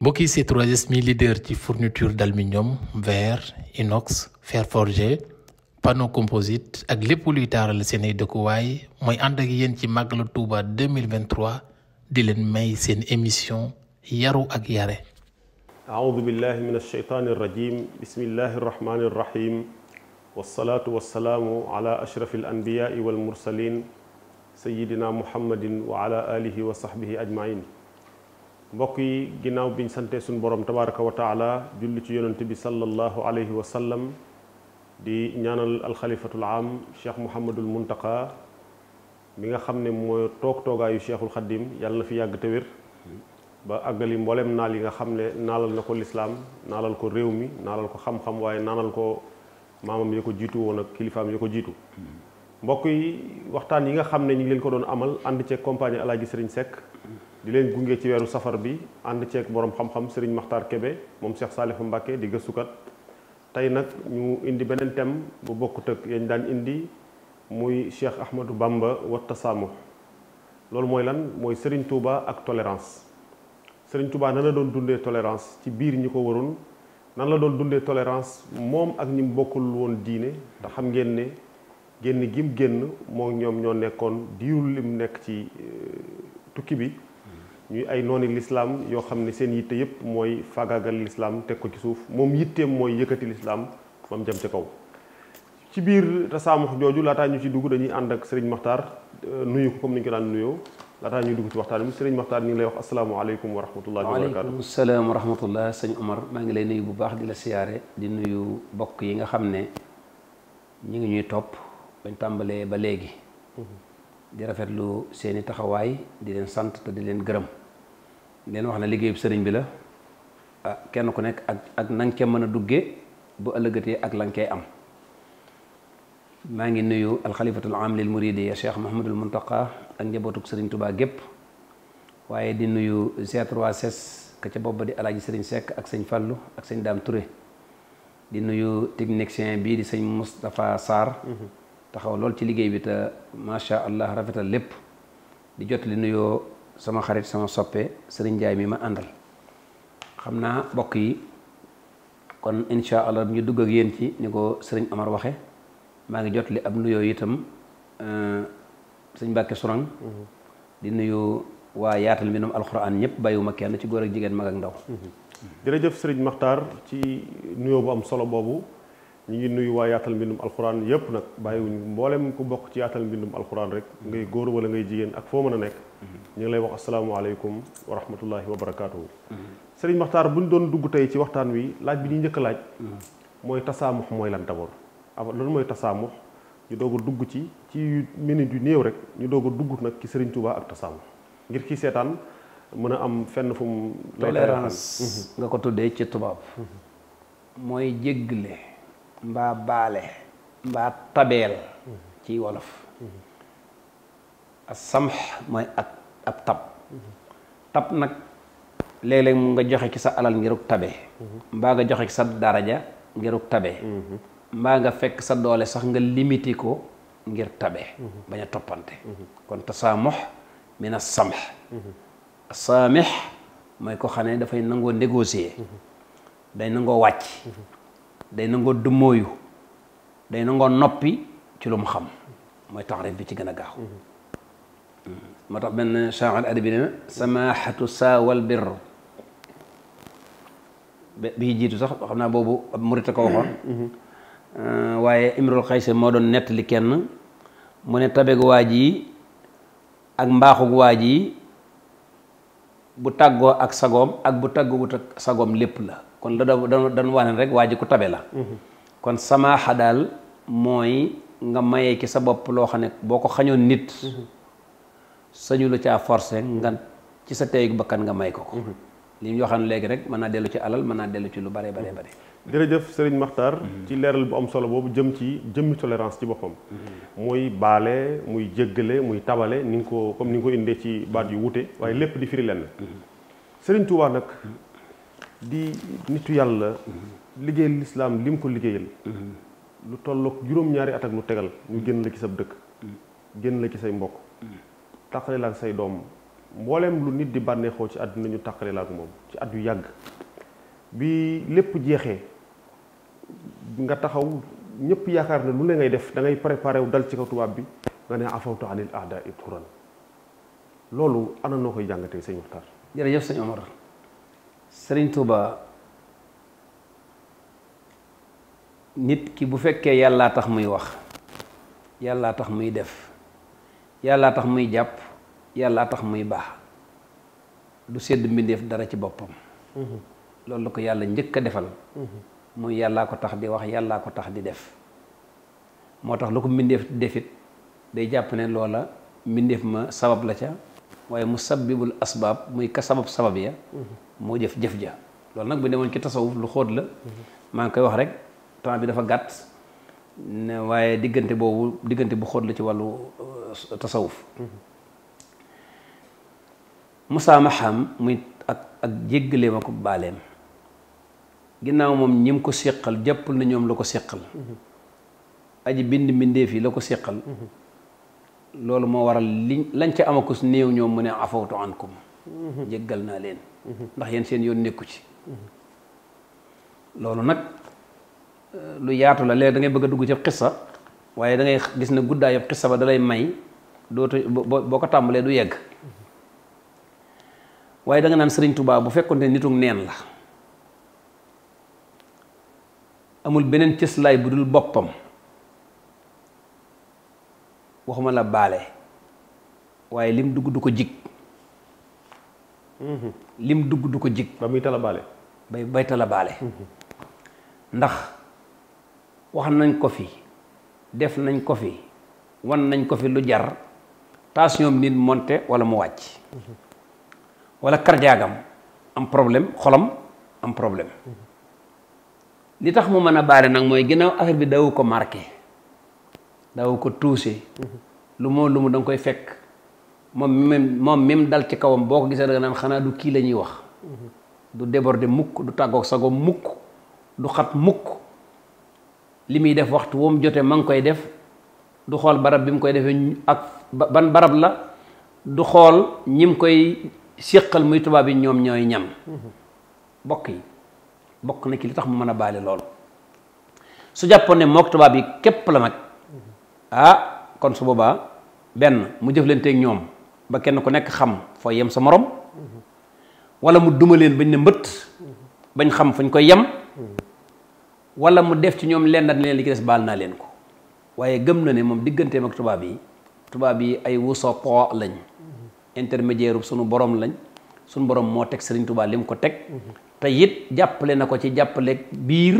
mbokki ci 3S mi leader ci fourniture d'aluminium verre inox fer forgé panneau composite ak lépp luy taaral seen ay dëkkuwaay mooy ànd ak yéen ci màggalu Touba 2023 di leen may seen émission yaru ak yare aoudu billahi min alsheytaani arrajim bismillahi arrahmani arrahim wasalaatu wasalaamu ala ashrafi alanbiyaai walmursalin sayidina muhammadin wa mbokk yi ginnaaw biñ sante suñu borom tabaraka wa taala julli ci yonent bi sallallahu alayhi wa sallam di ñaanal alxalifatul am cheikh mouhamadul muntaka mi nga xam ne mooy toog toogaayu cheikhul xaddim yàlla na fi yàgg te wér ba àggali mboolem naal yi nga xam ne naalal na ko lislaam naalal ko réew mi naalal ko xam-xam waaye naanal ko maamam ya ko jiitu woon ak kilifaam ya ko jiitu mbokk yi waxtaan yi nga xam ne ñu ngi leen ko doon amal ànd ceeg compagnie alaaji sëriñ Seck di leen gunge ci weeru safar bi ànd ceeg borom xam-xam sëriñ Maxtaar Kebe moom Cheikh Saalihu Mbàkke di gëstukat tey nag ñu indi beneen thème bu bokkut ak yañ daan indi muy Cheikh Ahmadou Bamba wa tasaamu loolu mooy lan mooy sëriñ Touba ak tolerance sëriñ Touba nan la doon dundee tolérance ci biir ñi ko waroon nan la doon dundee tolerance moom ak ñi bokkul woon diine ndaxam xam ngeen ne génn gim génn moo ñoom ñoo nekkoon diirul lim nekk ci euh, tukki bi ñuy ay nooni lislaam yoo xam ne seen yitte yëpp mooy faagaagal lislaam teg ko ci suuf moom yitteem mooy yëkkati lislaam moom jëm ca kaw ci biir tasaamux jooju laataa ñu ci dugg dañuy ànd ak sëriñ maxtaar euh, nuyu ko comme ni ñu ko daan nuyoo laataa ñuy dugg ci waxtaan bi sëriñ maxtaar ñu ngi lay wax asalaamaaleykum wa rahmatullahi wa barakaatu waaleykum salaam wa sañ sëñ Omar maa ngi lay nuyu bu baax di la siyaare di nuyu bokk yi nga xam ne ñu ngi ñuy topp ba léegi mm-hmm. di rafetlu seeni taxawaay di leen sant te di leen gërëm leen wax na liggéeyub sëriñ bi la kenn ku nekk ak ak na nga ca mën a duggee bu ëllëgatee ak la nga cay am maa ngi nuyu alxalifatul am lil muridiya cheikh mahamadul muntaqa ak njabootuk sëriñ tubaa gépp waaye di nuyu C3S ka ca booba di alaaji sëriñ Seck ak sëñ Fallu ak sëñ Daam Touré di nuyu technicien bii di sëñ Moustapha Sarr mm-hmm. taxaw lool ci liggéey bi te macha allah rafetal lépp di jot li nuyoo sama xarit sama soppe sëriñ Njaay mi ma àndal xam naa mbokk yi kon incha allah ñu dugg ak yéen ci ni ko sëriñ Amar waxe maa ngi jot li ab nuyoo itam euh, sëñ Mbàkke Sourang mm-hmm. di nuyu waa yaatal mbindum alxuraan ñëpp bàyyiwuma kenn ci góor ak jigéen mag ak ndaw mm-hmm. jërëjëf sëriñ Maxtaar ci nuyoo bu am solo boobu ñu ngi nuyu waa yaatal mbindum alxuraan yëpp nag bàyyiwuñ mboolem ku bokk ci yaatal mbindum alxuraan rek ngay góor wala ngay jigéen ak foo mën a nekk mm-hmm. ñu ngi lay wax asalaamaaleykum wa rahmatullahi wa barakaatuhu mm-hmm. sëriñ Maxtaar bu ñu doon dugg tey ci waxtaan wi laaj bi ñuy njëkk laaj mm-hmm. mooy tasaamux mooy lan d'abord ab lan mooy tasaamu ñu doog a dugg ci ci minute yu néew rek ñu doog a dugg nag ci sëriñ Tuubaa ak tasaamux ngir kii seetaan mën a am fenn fu mu tolérance nga ko tuddee ci tubaab mooy jéggle mbaa baale mbaa tabeel ci wolof a samx mooy ak ab tab tab nag léeg-léeg mu nga joxe ci sa alal ngiruk tabe mbaa nga joxe ci sa daraja ngiruk tabe mbaa nga fekk sa doole sax nga limiti ko ngir tabe bañ a toppante kon tasaamox min a samx saamix mooy ko xam ne dafay nangoo négocier day nangoo wàcc day nangoo dëmmooyu day nangoo noppi ci lu mu xam mooy taarif bi ci gën a gaaw mhm. mm. moo tax benn chaar adabi ne samahatu saawal bir bi jiitu sax xam naa boobu ab murit a ko waxoon mhm. euh, waaye imrul xayse moo doon nettali kenn mu ne tabeg waaj yi ak mbaaxug waaj yi bu tàggoo ak sagoom ak bu tàggoo ak sagoom lépp la kon la da dañu wane rek waa ji ku tabe la mhm. kon samaaxa daal mooy nga mayee ci sa bopp loo xam ne boo ko xañoon nit mhm. sañu la caa forcé nga ci sa teyu bakkan nga may ko ko mhm. li ñu waxoon léegi rek mën naa dellu ci alal mën naa dellu ci lu bare bare bare jërëjëf sëriñ Makhtar ci leeral bu am solo boobu jëm ci jëmmi tolérance ci boppam muy baale muy jéggale muy tabale ni nga ko comme ni nga ko indee ci baat yu wute waaye lépp di firi lenn Serigne Touba nag di nitu yàlla mhm. liggéey lislaam lim ko liggéeyal mhm. lu tolloog juróom-ñaari at ak lu tegal ñu génn la ci sab dëkk mhm. génn la ci say mbokk tàqale la ak say doom mbooleem lu nit di bànneexoo ci àddina ñu tàqale la ak moom ci at yu yàgg bi lépp jeexee nga taxaw ñëpp yaakaar ne lu ne ngay def da ngay wu dal ci kaw tubaab bi nga ne afawtu anil aada ibturan loolu ana noo koy jàngatee sëñ Muxtaar jërëjëf sëriñ Tuuba nit ki bu fekkee yàllaa tax muy wax yàllaa tax muy def yàllaa tax muy jàpp yàllaa tax muy baax du sedd mbindeef dara ci boppam mhm. loolu la ko yàlla njëkk a defal mhm. muy yàllaa ko tax di wax yàllaa ko tax di def moo tax lu ko mbindeef defit day jàpp ne loola mbindeef ma sabab la ca waaye musabbibul asbaab muy ka sabab sabab ya moo jëf jëf ja loolu nag bu demoon ci tasawuf lu xóot la maa ngi koy wax rek temps bi dafa gàtt ne waaye diggante boobu diggante bu xóot la ci wàllu uh, tasawuf xam muy ak ak jéggaleem ak baaleem ginnaaw moom ñi ko séqal jàppul na ñoom la ko séqal mm-hmm. aji bind mbindeef yi la ko séqal mm-hmm. loolu moo waral li lañ ca amakus néew ñoom mu ne afawtu ankum jéggal naa leen ndax yéen seen yoon nekku ci loolu nag lu yaatu la léegi da ngay bëgg a dugg ci xissa waaye da gis ne guddaay yëpp xissa ba da lay may dootu boo ko tàmbalee du yegg waaye da nga naan Sëriñ Tuubaa bu fekkonte nitu neen la amul beneen cëslaay bu dul boppam waxuma la baale waaye lim dugg du ko jig mhm. lim dugg du ko jig ba muy tala baale bay bay tala baale mhm. ndax wax nañ ko fi def nañ ko fi wan nañ ko fi lu jar tension bi nit monte wala mu wàcc mhm. wala karjaagam am problème xolam am problème li tax mu mën a baale nag mooy ginnaaw affaire bi dawu ko marqué daaw ko touché lu moo lu mu da koy fekk moom même moom même dal ci kawam boo ko gisee da nga xanaa du kii la ñuy wax du déborder mukk du tàggoog sago mukk du xat mukk li muy def waxtu woom jotee ma ngi koy def du xool barab bi mu koy defee ak ban barab la du xool ñi mu koy séqal muy tubaab yi ñoom ñooy ñam bokk yi bokk na ki li tax mu mën a baale loolu su jàppoon ne mook tubaab yi képp la nag ah kon su boobaa benn mu jëflanteeg ñoom ba kenn ku nekk xam foo yem sa morom wala mu duma leen bañ ne mbëtt bañ xam fuñ koy yem wala mu def ci ñoom lenn na leen li ci des baal naa leen ko waaye gëm na ne moom digganteem ak tubaab yi tubaab yi ay wusapoo lañ intermédiaire sunu borom lañ sunu borom moo teg Sëriñ Tuubaa li mu ko teg te it jàppale na ko ci jàppale biir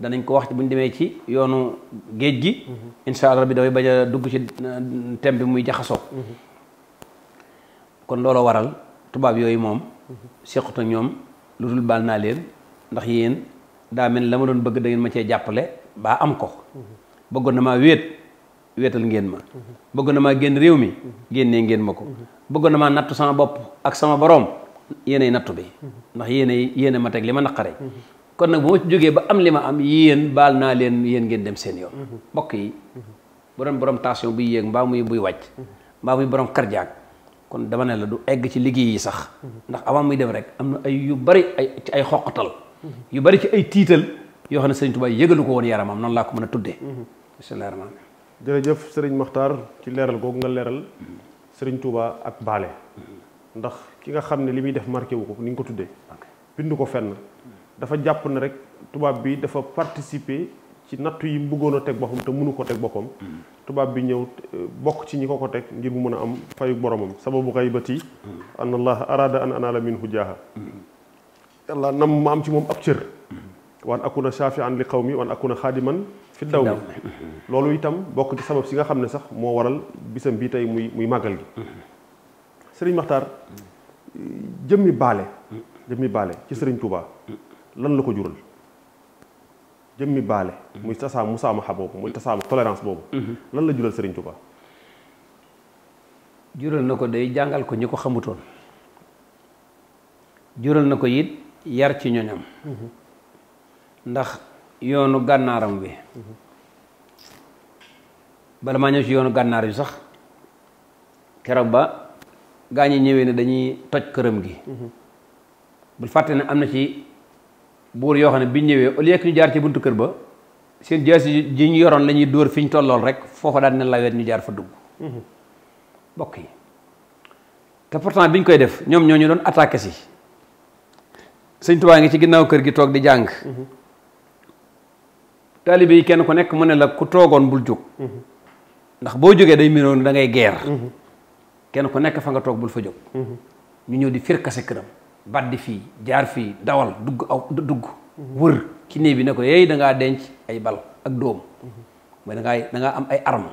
danañ ko wax bu ñu demee ci yoonu géej gi mhm. insha allah bi dafay bañ a dugg ci euh, thème bi muy jaxasoo mhm. kon looloo waral tubaab yooyu moom mhm. sequt ñoom lu dul baal naa leen ndax yéen daa mel la ma doon bëgg dangeen ngeen ma cee jàppale baa am ko bëggoon na maa wéet wéetal ngeen ma bëggoon na maa génn réew mi génnee ngeen ma ko bëggoon na maa nattu sama bopp ak sama boroom yéenay nattu bi ndax yéenay yéene ma teg li ma naqare kon nag bu jógee ba am li ma am yéen baal naa leen yéen ngeen dem seen yoon. Mhm. mbokk yi bu doon borom tension buy yéeg mbaa muy buy wàcc. Mhm. mbaa muy borom cardiaque kon dama ne la du egg ci liggéey yi sax. Mhm. ndax avant muy dem rek am na ay yu bari ay xoqtal yu bari ci ay tiital yoo xam ne sëriñ Tuubaa yëgalu ko woon yaramam noonu laa ko mën a tuddee. bismillaahi rahmaani rahiim. jërëjëf sëriñ Maxtaar ci leeral googu nga leeral sëriñ Tuubaa ak baale. ndax ki nga xam ne li muy def marqué wu ko ni ko tuddee. ko fenn. dafa jàpp ne rek tubaab bi dafa participer ci nattu yi mu bëggoon a teg boppam te mënu ko teg boppam. tubaab bi ñëw euh, bokk ci ñi ko ko teg ngir mu mën a am fayu boromam sababu xaybati an allah arada an anaala minhu jaaha yàlla nam ma am ci moom ab cër waan akuna shafian li qawmi waan akuna xaadiman fi daw mi loolu itam bokk ci sabab si nga xam ne sax moo waral bisam bii tey muy muy màggal gi sëriñ maxtaar jëmmi baale jëmmi baale ci sëriñ Touba. lan la ko jural jëmmi baale. muy tasaamu musaamaxa boobu muy tasaamu tolérance boobu. lan la jural Serigne Touba. jural na ko day jàngal ko ñi ko xamutoon jural na ko it yar ci ñoñam ndax yoonu gànnaaram wi bala maa ñëw ci yoonu gànnaar wi sax keroog ba gaa ñi ñëwee ne dañuy toj këram gi. bul fàtte ne am na ci buur yoo xam ne bi ñëwee au lieu que ñu jaar ci buntu kër ba seen jaas ji ñu yoroon lañuy ñuy dóor fi ñu tollool rek foofa daal ne lawet ñu jaar fa dugg mhm. bokk yi te pourtant biñ koy def ñoom ñoo ñu doon attaqué si sëñ Tuubaa ngi ci ginnaaw kër gi toog di jàng mhm. taalibe yi kenn ku nekk mu ne la ku toogoon bul jóg mhm. ndax boo jógee day miroon da ngay geer kenn ku nekk fa nga toog bul fa jóg ñu ñëw di firkase këram baddi fii jaar fii dawal dugg aw dugg wër ki bi ne ko yeey dangaa denc ay bal ak doom mooy da da ngaa am ay arme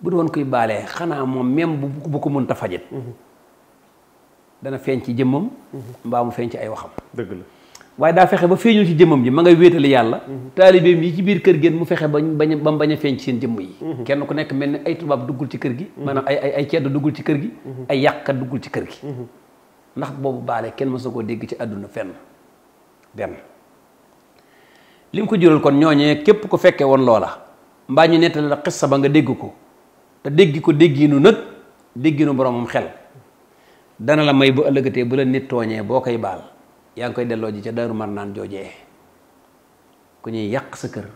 bu doon koy baalee xanaa moom même bu bu ko mënta fajit dana feeñ ci jëmmam mbaa mu feeñ ci ay waxam dëgg waaye daa fexe ba feeñul ci jëmmam ji ma ngay wéetali yàlla taalibeem yi ci biir kër géen mu fexe ba bañ ba mu bañ a feeñ ci seen jëmm yi kenn ku nekk mel ni ay tubaab duggul ci kër gi maanaam ay ay ay ceddo duggul ci kër gi ay yàqkat duggul ci kër gi ndax boobu baale kenn mësu koo dégg ci àdduna fenn benn li mu ko jural kon ñooñee képp ku fekkee woon loola mbaa ñi nettali la xissa ba nga dégg ko te dégg ko dégginu nag dégginu boromam xel dana la may bu ëllëgatee bu la nit tooñee boo koy baal yaa ngi koy delloo ji ca daaru mar naan joojee ku ñuy yàq sa kër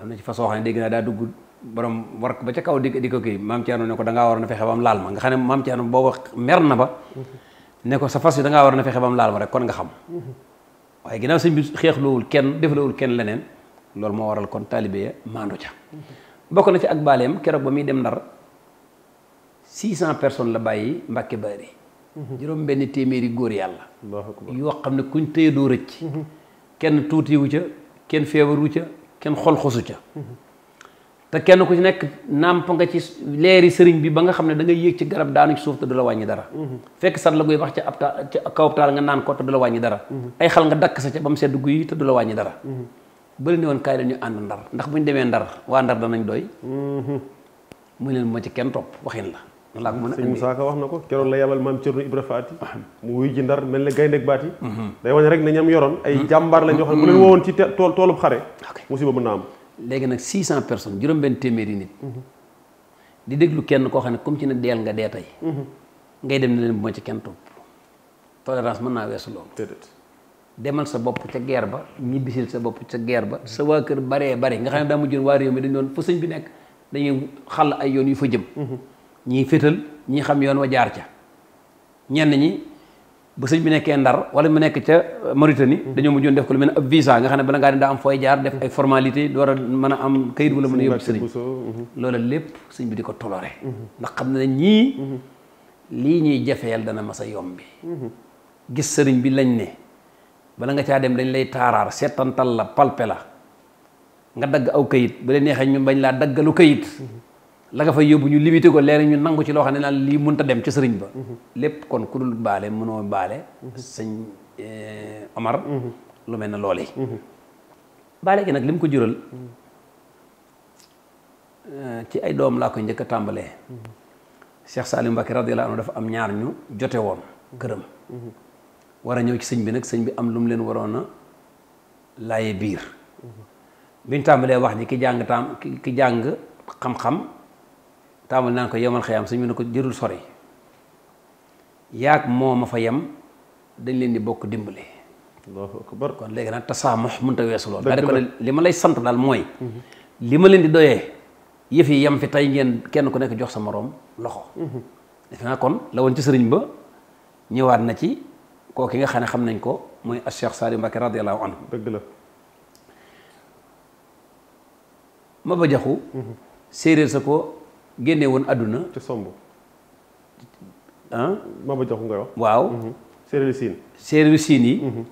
am na ci façon xam ne dégg naa daa dugg borom war ba ca kaw di di ko kii maam Thierno ne ko da ngaa waroon a fexe ba laal ma nga xam ne maam Thierno booba mer na ba ne ko sa fas yi da war na fexe ba mu laal ma rek kon nga xam waaye ginnaaw sëñ bi xeexloowul kenn deflawul kenn leneen loolu moo waral kon taalibe ya maandu ca bokk na ci ak baaleem keroog ba muy dem ndar cent personnes la bàyyi mbàkke baari juróom benn téeméeri góor yàlla yoo xam ne kuñ téye doo rëcc kenn tuutiwu ca kenn feebaru ca kenn xol xosu ca te kenn ku ci nekk nàmp nga ci leeri sëriñ bi ba nga xam ne da ngay yéeg ci garab daanu ci suuf te du la wàññi dara mhm. fekk sat la guy wax ci ab taal ci kaw taal nga naan ko te du la wàññi dara mhm. ay xal nga dakk sa ca ba mu sedd guy te du la wàññi dara mhm. ba leen woon kaay la ñu ànd ndar ndax bu ñu demee ndar waa ndar danañ doy mu leen ma ci kenn topp waxin la noonu laa ko wax na ko keroog la yabal maam Cerno Ibra Faati mu mel ne gaynde ak baat yi day rek ne ñam yoroon ay jàmbaar la ñoo xam ne bu leen woowoon toolub xare musiba mën na am léegi nag 600 personnes juróom-benn téeméeri nit. di déglu kenn koo xam ne comme ci nag deel nga dee tey. ngay dem ne leen bu ma ci kenn topp. tolérance mën naa weesu loolu. demal sa bopp ca geer ba ñibbisil sa bopp ca geer ba sa waa kër baree bare nga xam ne daa mujjoon waa réew mi dañu doon fa bi nekk dañuy xàll ay yoon yu fa jëm. Mhm. ñii fétal ñii xam yoon wa ca ñenn ñi. ba sëñ bi nekkee ndar wala mu nekk ca euh, Mauritanie mm-hmm. dañoo mujjoon def ko lu mel ne ab visa nga xam ne bala ngaa dem daa am fooy jaar def ay formalité door a mën a am kayit wala mën a yóbbu sëriñ mm-hmm. loola lépp sëñ bi di ko tolore mm-hmm. ndax xam ne ñii lii ñuy jafeel dana mas a yomb bi gis sëriñ bi lañ ne bala nga caa dem dañ lay taaraar seetantal la palpe la nga dagg aw kayit bu leen neexee ñu bañ laa daggalu kayit la nga fay yóbbu ñu limité ko léegi ñu nangu ci loo xam ne naan lii mënut a dem ci sëriñ ba. lépp kon ku dul baale mënoo baale. sëñ eh, Omar. lu mel ne loolee. baale gi nag lim ko jural eh, ci ay doom laa koy njëkk a tàmbalee. Cheikh Salim Mbacke radiyallahu anhu dafa am ñaar ñu jote woon këram. war a ñëw ci sëñ bi nag sëñ bi am lu mu leen waroon a laaye biir. biñ tàmbalee wax ni ki jàng tam ki jàng xam-xam. taamal naan ko yemal xëyam suñu ne ko jërul sori yaag moo ma fa yem dañ leen di bokk dimbale. kon léegi nag tasaamox mënut a weesu lool. dëgg ko ne li ma lay sant daal mooy. Mhm. li ma leen di doyee yëf yi yem fi tey ngeen kenn ku nekk jox sa moroom loxo. Mhm. defe naa kon lawoon ci sëriñ ba ñëwaat na ci kooku nga xam ne xam nañ ko mooy Cheikh Saliou Mbacké radiyallahu anhu. ma ba séeréer sa ko. génne woon àdduna. ca somb. ah. Maba Jaxu ngay wax. waaw. Mhm. séeréeru siin. séeréeru siin yi. Mhm.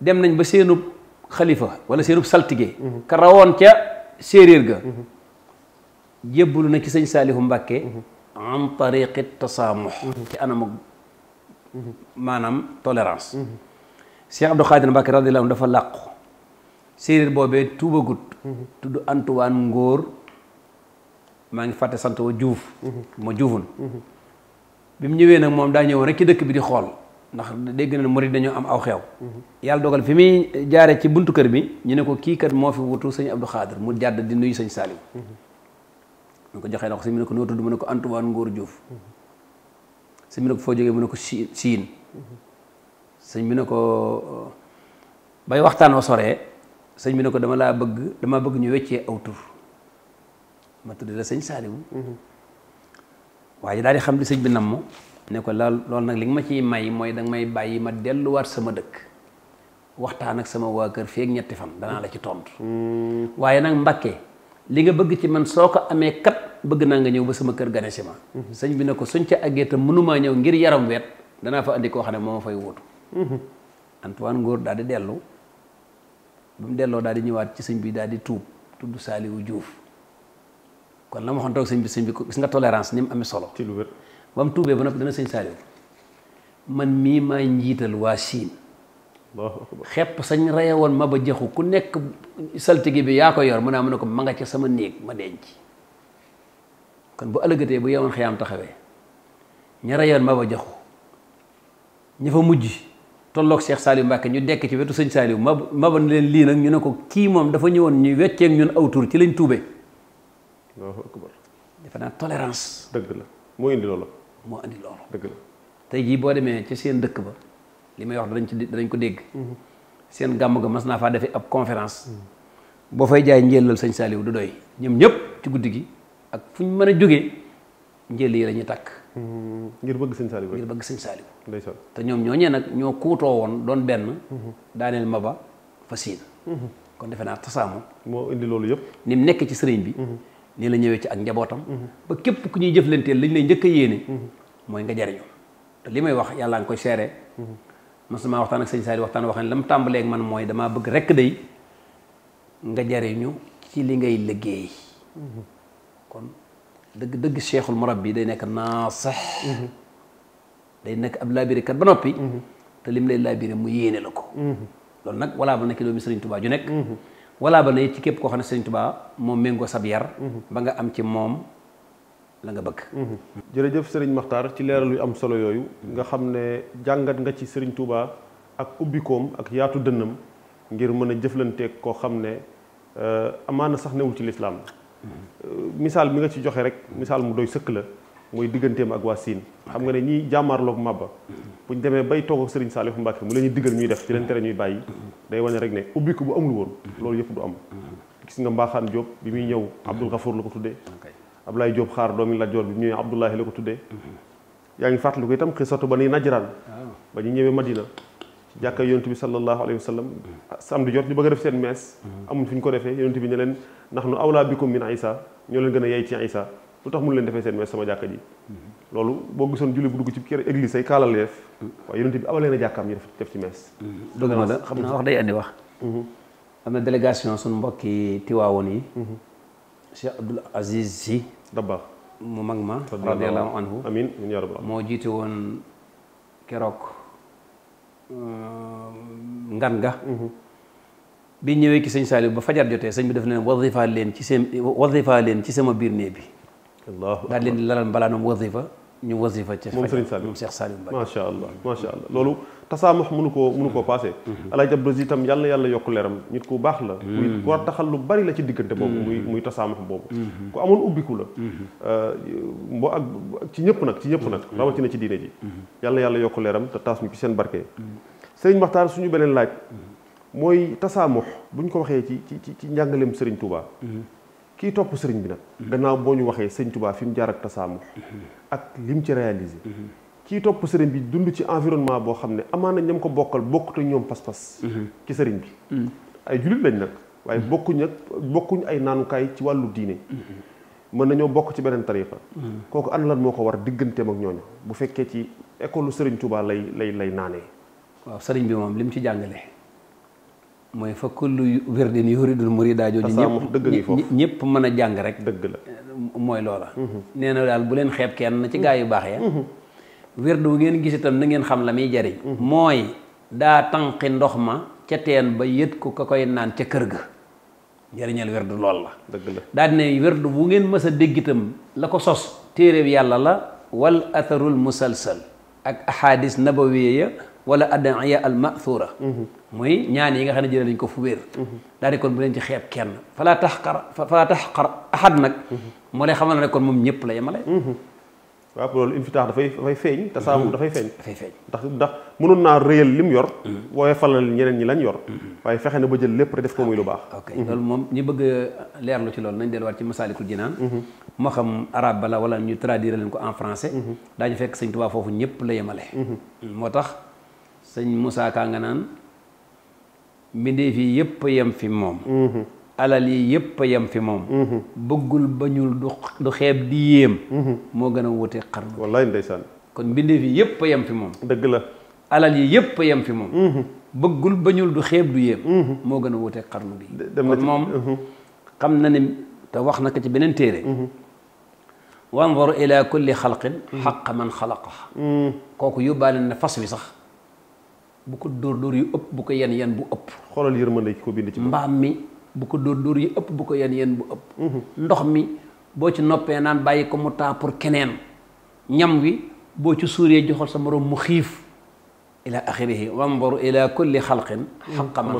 dem nañ ba seenub xalifa wala seenub saltige. Mhm. ka ca séeréer ga. jébbalu na ci sëñ Saalihu Mbàkke en tariqi tasaamux ci anam ak maanaam tolérance Cheikh Abdou Khadir Mbàkke radiyallahu dafa làqu séeréer boobee tuubagut tudd Antoine Ngor maa ngi fàtte sant wa juuf mhm. ma juufun mhm. bi mu ñëwee nag moom daa ñëwoon rekk ci dëkk bi di xool ndax dégg na murid dañoo am aw xew mhm. yàlla dogal fi muy jaare ci buntu kër bi ñu ne ko kii kat moo fi wutu sañ Abdou Khadir mu jàdd di nuyu sañ Salim mu ko joxee loxo sëñ bi ne ko noo tudd mu ne ko Antoine Ngor Diouf sëñ bi ne ko foo jógee mu ne ko Chine Chine sëñ bi ne ko bay waxtaan wa soree sëñ bi ne ko dama laa bëgg dama bëgg ñu weccee aw tur ma tudd la sëñ Saaliwu waaye daal di xam li sëñ bi nam ne ko la loolu nag li nga ma ci may mooy danga may bàyyi ma delluwaat sama dëkk waxtaan ak sama waa kër feek ñetti fan danaa la ci tontu. waaye nag Mbàkke li nga bëgg ci man soo ko amee kat bëgg naa nga ñëw ba sama kër gane si ma sëñ bi ne ko suñ ca àggee te mënumaa ñëw ngir yaram weet danaa fa andi koo xam ne moo ma fay wóotu Antoine Ngor daal di dellu ba mu delloo daal di ñëwaat ci sëñ bi daal di tuub tudd Saaliwu Juuf kon la ma waxoon toog sëñ bi sëñ bi gis nga tolérance ni mu amee solo. ci lu wér ba mu tuubee ba noppi dana sëñ Saliou man mii maay njiital waa Siin. xepp sañ reye ma ba jëxu ku nekk saltigi bi yaa ko yor mu ne ne ko ma nga sama néeg ma denc. kon bu ëllëgatee bu yewoon xiyaam taxawee ma jaxu ña fa mujj tolloog Cheikh Saliou Mbacke ñu dekk ci wetu sëñ Saliou ma ma ba leen lii nag ñu ne ko kii moom dafa ñëwoon ñu wecceeg ñun aw tur ci lañ tuube allahu akbar defe naa tolérance. dëgg la moo indi loolu. moo indi loolu. dëgg tey jii boo demee ci seen dëkk ba li may wax danañ ci danañ ko dégg. Mhm. seen gàmm ga mas naa faa defee ab conférence. Mhm. boo fay jaay njëllal sañ Saliou du doy ñoom ñëpp ci guddi gi ak fu ñu mën a jógee njëll yi la ñuy takk. Mhm. ngir bëgg sëñ Saliou ngir bëgg sëñ te ñoom ñoo ñooñee nag ñoo kuutoo woon doon benn. daaneel Maba Fassin. kon defe naa tasaamu. moo indi loolu yëpp. ni nekk ci sëriñ bi. nii la ñëwee ci ak njabootam. Mhm. ba képp ku ñuy jëflanteel lañ lay njëkk a yéene. Mhm. mooy nga jariñu te li may wax yàlla nga koy seere. mas mhm. ma waxtaan ak sëñ Saali waxtaan wax ne la mu tàmbalee man mooy dama bëgg rekk day nga jariñu ci li ngay liggéey. kon dëgg dëgg cheikhul murabbi day nekk naasax. day nekk ab laabirikat ba noppi. te lim lay laabire mu yéene la ko. loolu nag walla ba nekk doomi sëriñ Tuubaa ju nekk. wala ba ne ci képp koo xam ne Sëriñ Tuubaa moom méngoo sab yar mhm. ba nga am ci moom la nga bëgg mhm. jërëjëf Sëriñ Maxtaar ci leeral yu am solo yooyu nga xam ne jàngat nga ci Sëriñ Tuubaa ak ubbikoom ak yaatu dënnam ngir mën a jëflanteeg koo xam ne euh, amaana sax newul ci lislaam mhm. euh, misaal mi nga ci joxe rek misaal mu doy sëkk la mooy digganteem ak waa Siin xam nga ne ñiy jàmmaarloog bu buñ demee bay toog ak Serigne Saliou Mbacke mu la ñuy diggal ñuy def ci leen tere ñuy bàyyi day wane rek ne ubbi ko bu amul woon loolu yëpp du am gis nga mbaaxaan Diop bi muy ñëw Abdoul Gafour la ko tuddee ab Ablaye Diop xaar doomi Lat Joor bi mu ñëwee Abdoulahi la ko tuddee yaa ngi fàttali ko itam xisatu ba ni Najraan ah. ba ñu ñëwee Madina jàkka yonent bi sallallahu alayhi wa sallam samedi jot ñu bëgg a def seen mees mm-hmm. amuñ fu ñu ko defee yonent bi ne leen ndax nu awlaa bikum min Isa ñoo leen gën a yey ci Isa lu tax mënu leen defee seen wees sama jàkka ji loolu boo gisoon julli bu dugg ci kër église say kaala waaye yonent bi abalee na jàkkaam ñu def ci mees mm-hmm. dëgg la xam naa wax day andi wax mm-hmm. am na délégation suñ mbokki tiwaawoon yi mm-hmm. Cheikh Abdoul Aziz Sy mu mag ma radiallahu anhu moo jiite woon keroog euh, ngan ga bi ñëwee ci sëñ Saliou ba fajar jotee sëñ bi def ne wazifa leen ci seen leen ci sama biir néeg bi daal leen di lalal mbalaanam wasifa ñu wasifa ci moom Serigne Saliou moom Cheikh Saliou Mbacké macha allah macha allah loolu tasaamux mënu koo mënu koo passé mhm. alaaj Abdoulaye itam yàlla yàlla yokk leeram nit ku baax la muy mhm. war taxal lu bari la ci diggante boobu mhm. muy muy tasaamux boobu ku amoon ubbiku la euh, mbo ak ci ñëpp nag ci ñëpp nag rawatina ci diine ji yàlla yàlla yokk leeram te taas ñu ci seen barke Serigne Makhtar suñu beneen laaj mooy tasaamux buñ ko waxee ci ci ci njàngaleem Serigne Touba kii topp sëriñ bi nag gannaaw boo ñu waxee sëñ Tuubaa fi mu jaar ak tasaamu ak lim ci réalisé kii topp sëriñ bi dund ci environnement boo xam ne amaana ñam ko bokkal bokkut ak ñoom pas-pas ci sëriñ bi ay jullit lañ nag waaye bokkuñ ak bokkuñ ay naanukaay ci wàllu diine mën nañoo bokk ci beneen tariqa kooku ana lan moo ko war digganteem ak ñooñu bu fekkee ci école sëriñ Tuubaa lay lay lay naanee waaw sëriñ bi moom lim ci jàngale mooy fa kullu wirdin yuridul murida jooju ñëpp mën a jàng rek dëgg la eh, mooy loola mhm. nee na daal bu leen xeeb kenn ci gaa yu baaxe ya mhm. wird wu ngeen gis itam na ngeen xam la muy jariñ mhm. mooy daa tànqi ndox ma ca teen ba yët ko koy naan ca kër ga njëriñal werdu lool la dëgg la daal bu ngeen mës a dégg itam la ko sos téeréb yàlla la wal atharul musalsal ak ahadis nabawiya wala adaiya al mathura mooy ñaan yi nga xam ne jëlee nañ ko fu wér daal di kon bu leen ci xeeb kenn falaa taxqar falaa taxqar ahad nag moo lay xamal ne kon moom ñëpp la yemale waaw loolu infitaax dafay dafay feeñ te saabu dafay feeñ dafay feeñ ndax ndax mënoon naa réyal lim yor mm-hmm. wooye falal ñi lañ yor mm-hmm. waaye fexe na ba lépp rek def lu baax ok loolu ñu bëgg leerlu ci loolu nañ delluwaat ci masaalikul jinaan mm-hmm. moo xam arab bala wala ñu traduire leen ko en français daañu fekk sëñ Tuubaa ñëpp la yemale moo tax sëñ Moussa Ka nga naan mbindeef yi yëpp a yem fi moom mhm. alal yi yëpp a yem fi moom mhm. bëggul bañul du du xeeb di yéem mhm. moo gën a wute xarnu wallaay kon mbindeef yi yëpp a moom dëgg la alal yi yëpp a yem fi bañul du xeeb yéem moo gën a wute xarnu bi kon moom xam na ne te wax na ko ci beneen téere wanzur ila kulli xalqin xaqa man xalaqa kooku yóbbaale na fas wi sax bu ko dóor dóor yu ëpp bu ko yen yen bu ëpp. xoolal yërmande ki ko bind ci mbaam mi bu ko dóor dóor yu ëpp bu ko yen yen bu ëpp. Mm-hmm. ndox mi boo ci noppee naan bàyyi ko mu taa pour keneen ñam wi boo ci suuree joxal sa moroom mu xiif. ila axirihi wanzur ila kulli xalqin. Mm-hmm. xaqa man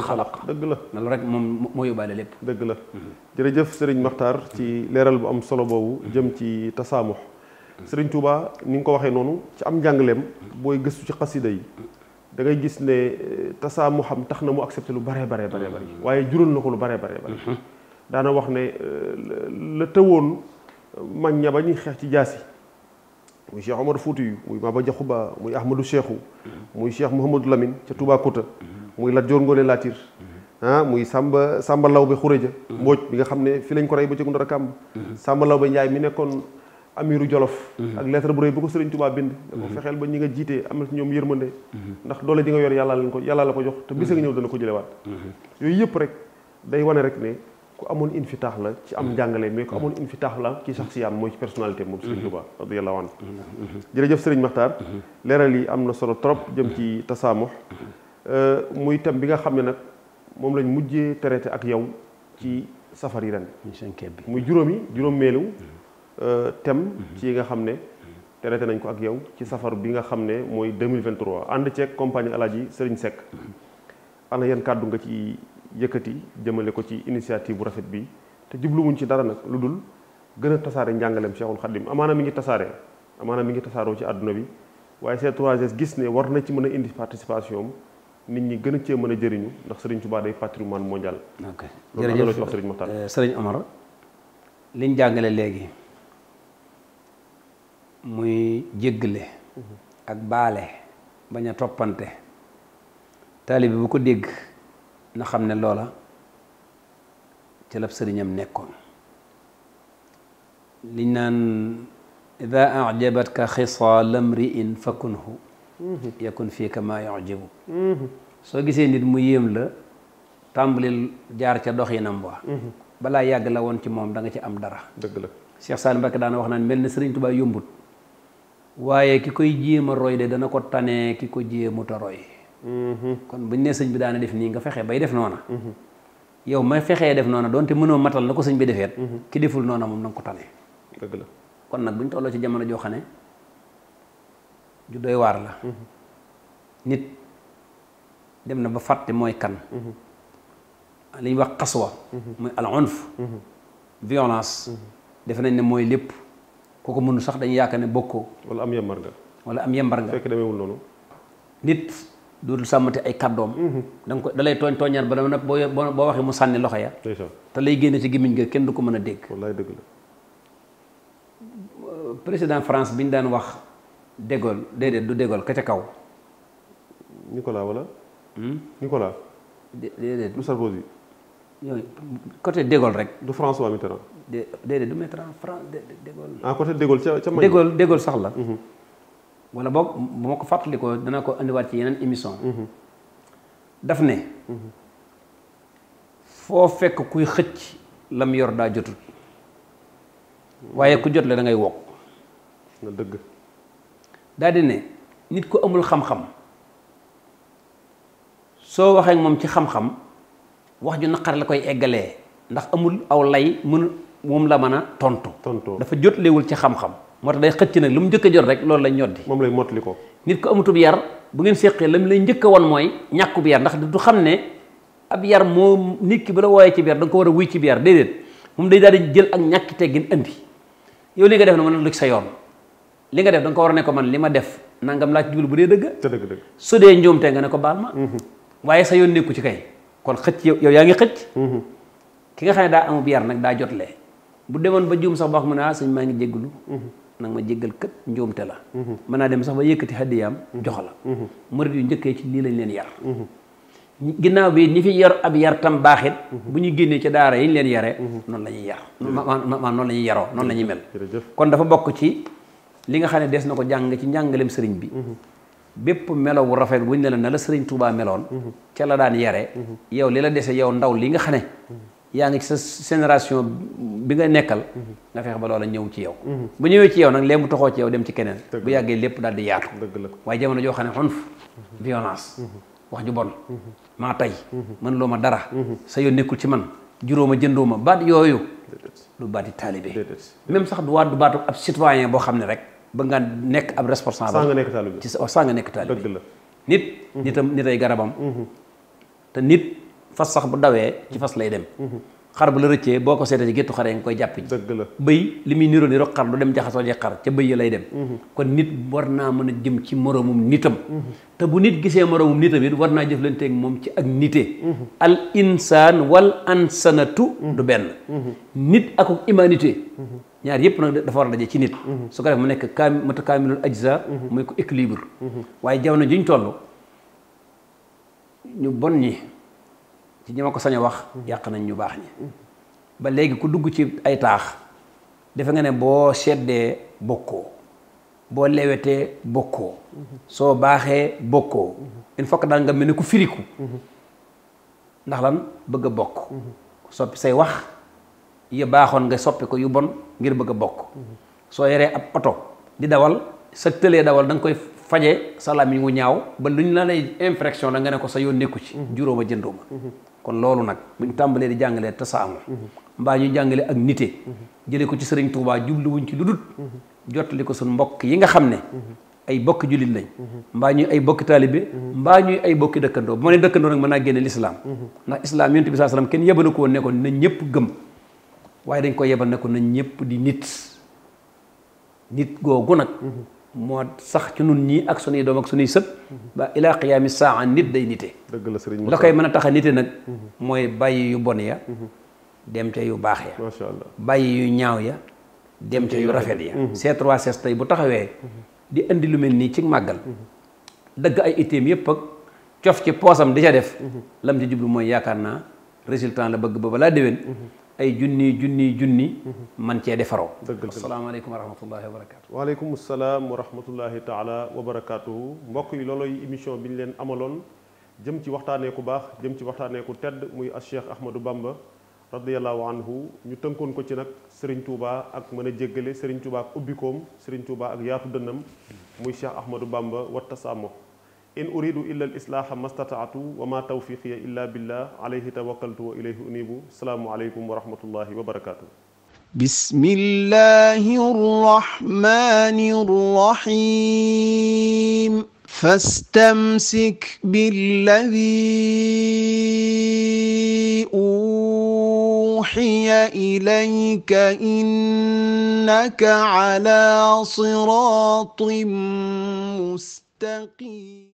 dëgg la. loolu rek moom moo yóbbaale lépp. dëgg la mm-hmm. jërëjëf sëriñ Makhtar ci leeral bu am solo boobu jëm ci tasaamux. sëriñ Touba ni nga ko waxee noonu ci am njàngaleem booy gëstu ci xasida yi da ngay gis ne euh, tasaa mu xam tax na mu accepté lu baree bare baree bëri mm-hmm. waaye jural na ko lu baree baree bëri mm-hmm. daana wax ne euh, la tëwoon euh, mag ña ba ñuy xeex ci jaas yi muy Cheikh Omar Foutiyu muy ba Jaxu Ba muy Ahmadou Cheikhou mm-hmm. muy Cheikh Mouhamadou Lamine ca Toubacouta muy Lat Joor Ngoone Latiir ah muy Samba Samba Lawbe Xureja Mbooj bi nga xam ne fi lañ ko rey ba ci Ndar Kàmb Samba Lawbe Njaay mi nekkoon amiru jolof mhm. ak lettre bu rëy bu ko sëriñ Tuubaa bind da ko mhm. fexeel ba ñi nga jiitee am na si ñoom yërmande mhm. ndax doole ji nga yor yàlla leen ko yàlla la ko jox te bisa nga ñëw dana ko jëlewaat yooyu yëpp rek day wane rek ne ku amoon infitaax la ci am njàngale mais ku amoon infitaax la ci sax si yaan mooy ci personnalité moom sëriñ Tuubaa radiyallaahu anhu jërëjëf sëriñ Maxtaar leeral yi am na solo trop jëm ci tasaamux euh, muy thème bi nga xam ne nag moom lañ mujjee traité ak yow ci safar yi ren muy juróomi juróom meelu Euh, thème ci yi nga xam ne traité nañ ko ak yow ci safar bi nga xam ne mooy 2023 ànd ceeg compagnie ji Sëriñ Seck ana yan kàddu nga ci yëkkati jëmale ko ci initiative bu rafet bi te jubluwuñ ci dara nag lu dul gën a tasaare njàngaleem Cheikhul Khadim amaana mi ngi tasaare amaana mi ngi tasaaroo ci àdduna bi waaye c gis ne war na ci mën a indi participation nit ñi gën a cee mën a jëriñu ndax Serigne Touba day patrimoine mondial. ok jërëjëf loolu ci wax Serigne Mokhtar. Euh, Serigne Omar liñ léegi. muy jéggale ak baale bañ a toppante taalibe bu ko dégg na xam ne loola ci sëriñam nekkoon liñ naan ida ajabatka xisaal amriin fakunhu yakun fiika maa yujibu soo gisee nit mu yéem la tàmbalil jaar ca doxinam wa balaa yàgg la woon ci moom da nga ci am dara dëgg la Cheikh Saliou Mbacké daana wax naan mel na sëriñ Tuubaa yombut waaye ki koy jéem a roy de dana ko tane ki ko jéemut a roy mm-hmm. kon bañ ne sëñ bi daana def nii nga fexe bay def noona mm-hmm. yow ma fexee def noona doonte mënoo matal na ko sëñ bi defeet mm-hmm. ki deful noona moom na ko tane la kon nag buñ tolloo ci jamono joo xam ne ju doy waar la nit dem na ba fàtte mooy kan li wax xaswa mooy al unf violence defe nañ ne mooy lépp ku ko sax dañu yaakaar ne bokkoo. wala am yembar nga. wala am yembar nga fekk demeewul nit dootul sàmmati ay kàddoom. Mhm. da ko da lay tooñ tooñaat ba nag boo boo waxee mu sànni loxo ya. te lay génne ci gémmiñ ga kenn du ko mën a dégg. wallaay dëgg la. Euh, président France bi ñu daan wax déggool Gaulle déedéet du de Gaulle ka ca kaw. Nicolas wala. Hmm? Nicolas. déedéet du Sarkozy. yooyu côté rek. du François Mitterrand. dé déedéet de de ah, côté de Gaulle ca ca de Gaulle sax la. Mhm. wala boog bu ko fàttalikoo dana ko andiwaat ci yeneen émission. Mhm. daf ne. Mhm. foo fekk kuy xëcc lam yor daa jotul. waaye ku jot la da ngay wokk. nga dëgg. daldi ne nit ku amul xam-xam soo waxee moom ci xam-xam. wax ju naqar la koy eggalee ndax amul aw lay mënu moom la mën a tontu. tontu dafa leewul ci xam-xam. moo tax day xëcc nag lu mu njëkk jot rek loolu lay ñoddi. moom lay mottali ko. nit ko amutub yar bu ngeen séqee la mu lay njëkk a wan mooy ñàkkub yar ndax du xam ne ab yar moo nit ki bu la wooyee ci biir da nga ko war a wuy ci biir déedéet moom day daal di jël ak ñàkki teggin andi yow li nga def na mën lu ci sa yoon li nga def da ko war a ne ko man li ma def nangam laa bu dee dëgg. te dëgg dëgg dee njuumte nga ne ko baal ma. Mhm. waaye sa yoon nekku ci kay kon xëcc yow yaa ngi xëcc mhm. ki nga xam ne daa amu yar nag daa jotle bu demoon ba juum sax ba wax mu ne ah sëñ maa ngi jéggalu mhm. nag ma jéggal kët njuumte la mhm. mën naa dem sax ba yëkkati hadiyaam jox la murid yu njëkkee ci lii lañ leen yar ginnaaw bi ñi fi yor ab yar tam baaxit bu ñu génnee ci daara yi leen yare noonu la ñuy yar ma noonu la ñuy yaroo noon la ñuy mel kon dafa bokk ci li nga xam ne des na ko jàng ci njàngalem sëriñ bi bépp melaw wu rafet wuñ ne la na la sëriñ Touba meloon ca la daan yare yow li la dese yow ndaw li nga xam ne yaa ngi ci sa génération bi nga nekkal nga feex ba loola ñëw ci yow bu ñëwee ci yow nag léegi mu toxoo ci yow dem ci keneen bu yàggee lépp daal di yaatu waaye jamono joo xam ne xonf violence wax ju bon maa tey mën loo ma dara sa yoon nekkul ci man juróoma jëndoo ma baat yooyu du baati taalibe même sax du waat du baatu ab citoyen boo xam ne rek ba nga nekk ab responsable. saa nga nekk taalibe ci saa nga nekk taalibe dëgg la nit. Mhm. nitam garabam. Mhm. te nit fas sax bu dawee ci fas lay dem. Mhm. xar bu la rëccee boo ko seetee ci géttu xar yi nga koy jàpp bëy li muy niroo niroo xar lu dem jaxasoo ji xar ca bëy ya lay dem mhm. kon nit war naa mën a jëm ci moroomum nitam mhm. te bu nit gisee moroomum nitam it war naa jëflanteeg moom ci ak nite mhm. al insaan wal ansanatu du benn nit ak humanité ñaar yëpp nag dafa war a daje ci nit su ko def mu nekk kaami mata kaamilul ajza muy ko équilibre waaye jamono juñ toll ñu bon ñi ci ñi ma ko sañu wax yàq nañ ñu baax ñi ba léegi ku dugg ci ay taax defe nga ne boo seddee bokkoo boo lewetee bokkoo soo baaxee bokkoo il faut que daal nga mel ni ku firiku ndax lan bëgg a bokk soppi say wax yu baaxoon nga soppi ko yu bon ngir bëgg a bokk soo yoree ab oto di dawal sa tëlee dawal da koy faje salaam yi mu ñaaw ba lu ñu la lay infraction da nga ne ko sa yoon nekku ci juróoma jënduma kon loolu nag buñ tàmbalee di jàngalee tasaamu mbaa ñu jàngale ak nite jële ko ci sëriñ tuubaa jubluwuñ ci lu dul jottali ko suñ mbokk yi nga xam ne ay bokki jullit lañ mbaa ñuy ay bokki taalibe mbaa ñuy ay bokki dëkkandoo bu ma ne dëkkandoo nag mën naa génne lislaam ndax islaam yonent bi saa salaam kenn yebal ko woon ne nañ ñëpp gëm waaye dañ ko yebal ne ko nañ ñëpp di nit nit googu nag moo sax ci nun ñii ak sunuy doom ak sunuy sët ba ilaa qiyaami saa nit day nite dëgg la sëriñ la koy mën a tax a nite nag mhm. mooy bàyyi yu bon ya mhm. dem ca yu baax ya bàyyi yu ñaaw ya dem ca yu rafet ya mhm. C3S tey bu taxawee di indi lu mel nii ci màggal dëgg ay itteem yépp ak cof ci poosam di ca def lam ci jublu mooy yaakaar naa résultant la bëgg ba laa déwén ay junni junni junni. Mhm. man cee defaroo. dëgg la asalaamaaleykum wa rahmatullahi wa barakaatu. waaleykum salaam wa rahmatullahi taala wa barakaatu. mbokk yi looloy émission bi ñu leen amaloon jëm ci waxtaanee ku baax jëm ci waxtaanee ku tedd muy as cheikh Ahmadou Bamba. radiyallahu anhu ñu tënkoon ko ci nag Serigne tuubaa ak mën a jéggale Serigne Touba ak ubbikoom Serigne Touba ak yaatu dënnam muy cheikh Ahmadou Bamba watta sàmmo in uridu illa al islaaha mastataatu wa ma tawfiqiya illa billah alayhi tawakkaltu wa ilayhi unibu asalaamu aleykum wa rahmatullahi wa barakatuh bismillahi rrahmani rrahim fastamsik billadi أوحي إليك إنك على صراط مستقيم